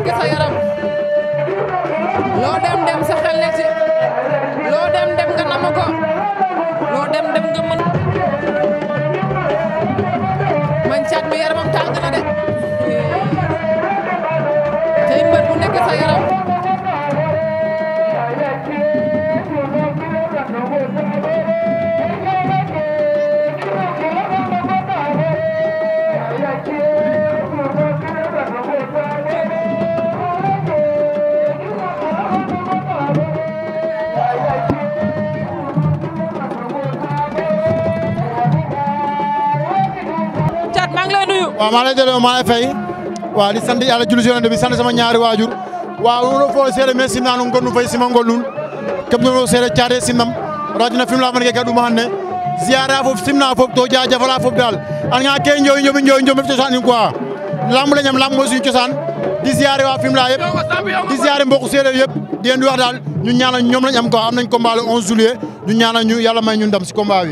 nekk sa yaram loo dem dem sa xel nekk ci loo dem dem nga namm ko loo dem dem nga mën man caat mi yaramam tàng na de tey mbër bu nekk sa yaram waaw maa lay delloo maa lay fay waaw di sant yàlla julli bi sant sama ñaari waajur waaw wono fo seede me simnanu gonnu fay sima ngollul keɓ nono seede caade simnam rawatina film la man ke kaɗuma hannde ziyara fof simna fof to jajafala fof dal an ga ke joyi jomi joyi jomi cosan in quoi lamb leñam lamb mooy suñu cosaan di ziare waa Fimela yëpp di ziare mbokku séeréer yëpp di wax daal ñu ñaanal ñoom lañ am quoi am nañ combat le 11 juillet ñu ñaanal ñu si combat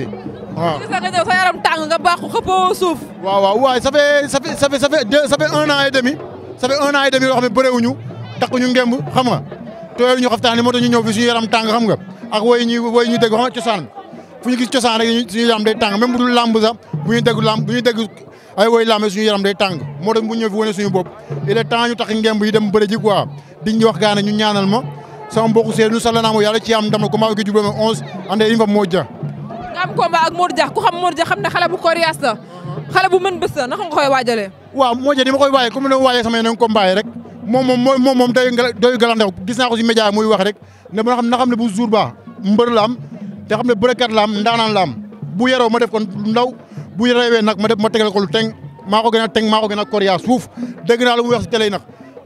waaw ah. gis nga ñëw sa yaram tàng nga baaxu xëppoo suuf. waaw waaw waay ça fait ça fait un an et demi ça un an et demi yoo xam ne bëreewuñu takkuñu ngemb xam nga tooyal ñu xaftaan moo tax ñu ñëw fi suñu xam nga ak woy ñuy ñu gis cosaan rek suñu yaram day tàng même bu dul làmb sax bu ñuy dégg làmb bu day tàng moo tax bu ñëw fi wane suñu bopp il est temps ñu tax ngemb yi dem bëri ji quoi diñ wax gaa ñu ñaanal ma sama mbokku seedu sàlla naa mo yàlla ci am ndam na combat gi jubloo ma 11 ande yi fa moo ja nga am combat ak Modou Diakh ku xam Modou Diakh xam ne xale bu coriace la xale bu mën bés la naka nga koy waajalee waaw moo jë ni ma koy waajee comme ne waajee ko si média muy wax rek ne mën a xam na xam ne bu jour ba mbër la am te xam ne bërëkat la am ndaanaan la am bu yeroo ma def ko ndaw bu reewee nag ma def ma tegal ko lu teng maa ko gën a teng maa ko gën a coriace suuf naa la muy wax si télé yi nag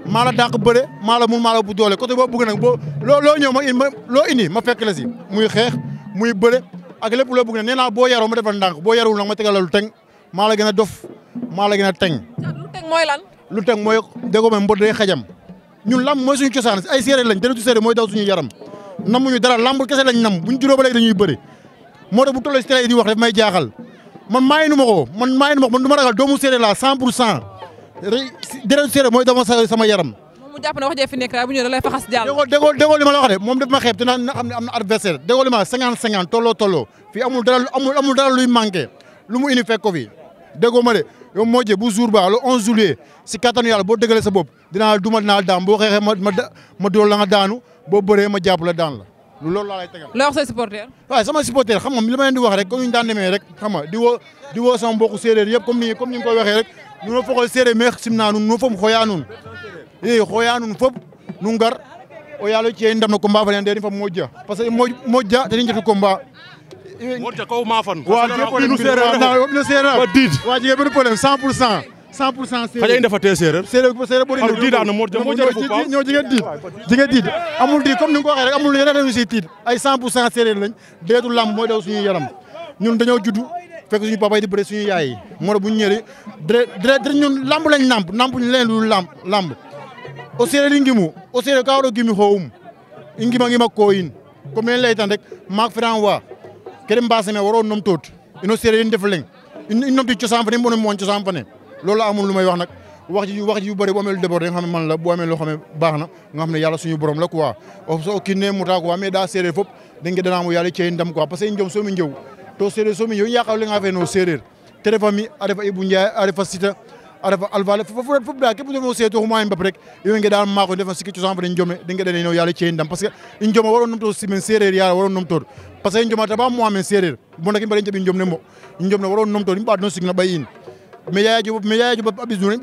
maa la dàq bëre maa la mun maa la bu doole côté boo bëgg nag boo loo loo ñëw ma loo indi fekk la si muy xeex muy bëre ak lépp loo bëgg ne nee naa boo yaroo ma defal ndànk boo yarul nag ma tegal la lu teg a dof maa la gën a teg. lu teg mooy lan. lu teg mooy déggoo ma mbër day xajam ñun lamb mooy suñu cosaan ay séeréer lañ dana tu séeréer mooy daw suñu yaram namuñu dara lamb kese lañ nam buñ juróo ba léegi dañuy bëri moo tax bu tollee si télé wax daf may jaaxal man maa nu ma ko man maa nu ma ko man du ma ragal doomu séeréer laa cent pour cent dara séeréer mooy dafa sama yaram mu jàpp wax jee fi nekk bu ñëwee da lay faxas jàll. déggoo déggoo li ma la wax de moom daf ma xeeb dinaa adversaire déggoo li ma 50 50 tolloo tolloo fii dara amul amul lu mu indi fekk ko ma de yow moo bu jour ba le 11 juillet si kattanu boo dëggalee sa bopp dinaa duma dinaa daan boo xeexee ma ma ma dool la nga daanu boo bëree ma jàpp la la loolu laa lay tegal. loo wax say supporter. waaw sama supporter xam nga wax rek comme ni ñu daan rek xam di woo di comme ni comme ko waxee i xoya nuun fop nu ngar o yaalo ci'e ndamno combat fa ne andeer in fa moƴja parce que moƴja ten i njetu combat moƴja ko mafan wa no seereer problème cent pour cent xaƴa i ndefa te seereer seereer ɓori xar diida no moƴja moƴja refu paax ñoo jege diid jege diid amul diid comme ni nga ko waxee rek amul yene réussir tiid ay 100 pour cent seereer lañ deetu lamb mooy daw suñu yaram ñun dañoo juddu fekk suñu papa yi di bëre suñu yaay yi moo tax bu ñu o sereer i ngimu o sereer ka war o gimi xooxum i ngimangima kooyin comme nen laytan rek maak fran wa kene mbaaseme waro numtoot ino sereer i numti cosaan fene i mbonu moon cosaan fene loolu amul lu may wax nag wax ji wax ji yu bëri bu amee lu débordé nga xam ne man la bu amee loo xam ne baax na nga la quoi so kii ne muta quoi mais daa fop da nga danaamo yàlla cey ndam quoi parce que njom to séeréer soomi arafa alvale fofo fuɗɗa keɓ ɗomo seeto huma en bap rek iwenge ɗa maako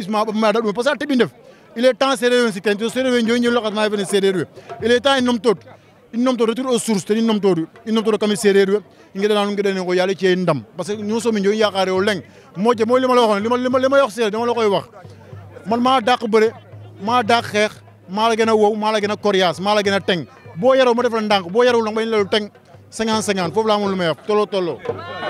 ndef il est temps séréer wen sikkani to séréer wen joyi jewi dam parce que nous somin joyi yakare leng moo ca mooy li ma la waxoon li ma li ma li may wax séeréer dama la koy man maa dàq bëre maa dàq xeex maa la gën a wow maa la gën a coriace maa la gën a teng boo yaroo ma def la ndànk boo yarul nag ma ñu la lu teng cinquante cinquante foofu laa amul lu may wax tolloo tolloo